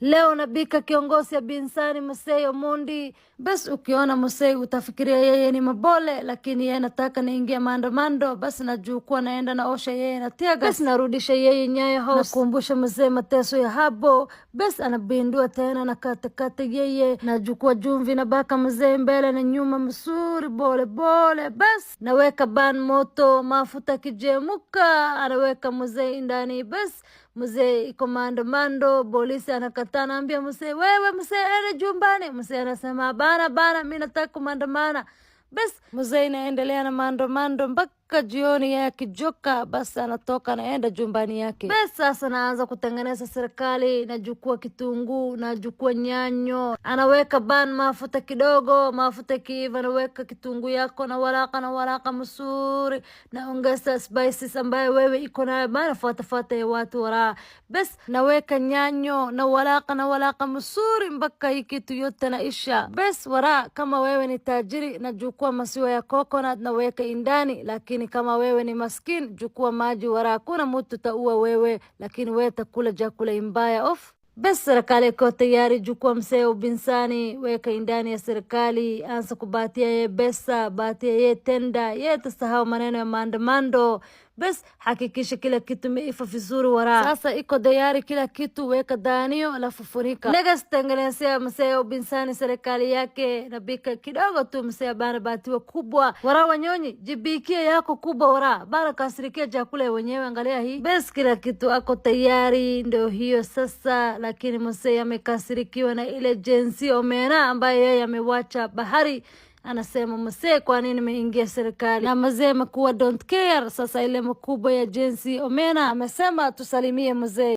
Leo nabika kiongozi ya binsani msei omundi basi ukiona msei utafikiria yeye ni mabole, lakini yeye nataka naingia mandomando basi najukuwa naenda naosha yeye na tiaga, basi narudisha yeye Nyayo House, nakumbusha mateso ya habo, basi anabindua tena na katekate yeye, najukua jumvi na baka Masei mbele na nyuma msuri bole bole, basi naweka ban moto mafuta kijemuka, anaweka Masei ndani basi mzee iko mandomando polisi anakataa, naambia mzee, wewe mzee, ende jumbani. Mzee anasema bana bana, mi nataka kumandamana Basi mzee inaendelea na mandomando mpaka Ikifika jioni yake joka basi anatoka anaenda jumbani yake. Basi sasa anaanza kutengeneza serikali, najukua kitunguu, najukua nyanyo, anaweka ban mafuta kidogo, mafuta kiiva, naweka kitunguu yako na waraka na waraka msuri, naongeza spices ambaye wewe iko nayo bana, fuatafuata ya watu waraa, basi naweka nyanyo na waraka na waraka msuri mpaka hii kitu yote naisha. Basi waraa, kama wewe ni tajiri, najukua masiwa ya coconut naweka indani lakini lakini kama wewe ni maskini jukua maji wara hakuna mutu taua wewe lakini wetakula jakula imbaya of bes serikali iko tayari jukua msee ubinsani weka indani ya serikali ansa kubatia ye besa batia ye tenda ye tasahau maneno ya mandamando bes hakikisha kila kitu meiva vizuri waraa. Sasa iko dayari kila kitu, weka daniyo la fufurika. Nagastanganasea msee upinzani serikali yake nabika kidogo tu msee bana batiwa kubwa wara wanyonyi jibikia yako kubwa wara bana kasirikia chakula wenyewe, angalia hii bas, kila kitu ako tayari, ndio hiyo sasa. Lakini msee amekasirikiwa na ile jensi omena ambaye yeye amewacha bahari Anasema mase kwa nini serikali na mazee makuwa don't care. Sasa ile makubwa ya jensi Omena amesema tusalimie mzee.